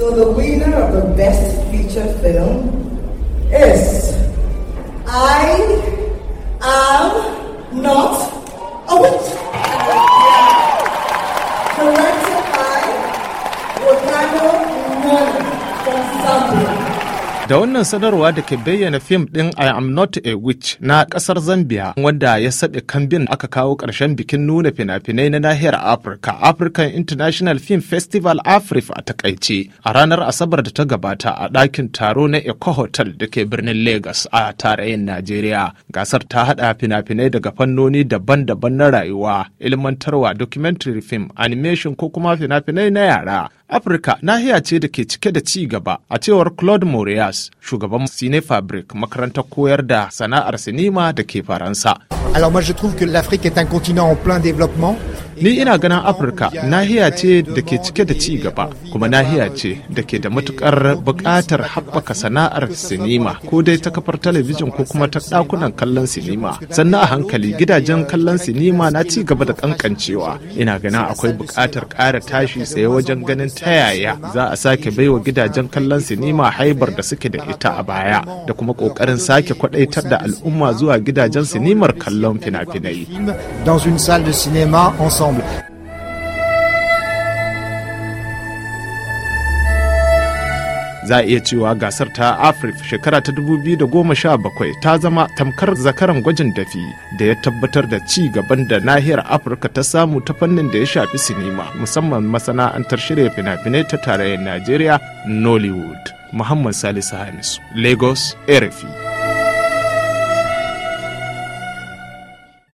So the winner of the best feature film is I Am Not a Witch. Directed by Ricardo Nunn from Zambia. Da wannan sanarwa da ke bayyana fim din I am not a witch na ƙasar Zambia wanda ya saɓe kambin aka kawo ƙarshen bikin nuna fina-finai na nahiyar Afirka, African International Film Festival Afrif a takaice a ranar Asabar da ta gabata a ɗakin taro na Eco Hotel da ke birnin Lagos a tarayyar Najeriya. Gasar ta haɗa fina-finai daga fannoni daban-daban na rayuwa, ilmantarwa, documentary film, animation ko kuma fina-finai na yara. Afirka nahiya ce da ke cike da ci gaba a cewar Claude Moreas, shugaban Sine Fabric, makarantar koyar da sana'ar sinima da ke Faransa. Alors moi je trouve que l'Afrique est un continent en plein développement. Ni ina ganin Afirka nahiya ce da ke cike da ci gaba, kuma nahiya ce da ke da matukar buƙatar haɓaka sana'ar sinima ko dai ta kafar talabijin ko kuma ta ɗakunan kallon sinima. Sannan a hankali gidajen kallon sinima na ci gaba da kankancewa. Ina ganin akwai bukatar ƙara tashi tsaye wajen ganin ta yaya za a sake baiwa gidajen kallon sinima haibar da suke da ita a baya da kuma ƙoƙarin sake kwaɗaitar da al'umma zuwa gidajen sinimar kallon fina-finai. Dans une salle de cinéma, ensemble. ensemble. za a iya cewa gasar ta afrif shekara ta 2017 ta zama tamkar zakaran gwajin dafi da ya tabbatar da ci gaban da nahiyar afirka ta samu ta fannin da ya shafi sinima musamman masana'antar shirya fina-finai ta tarayyar najeriya nollywood muhammad salisu hamisu lagos rfi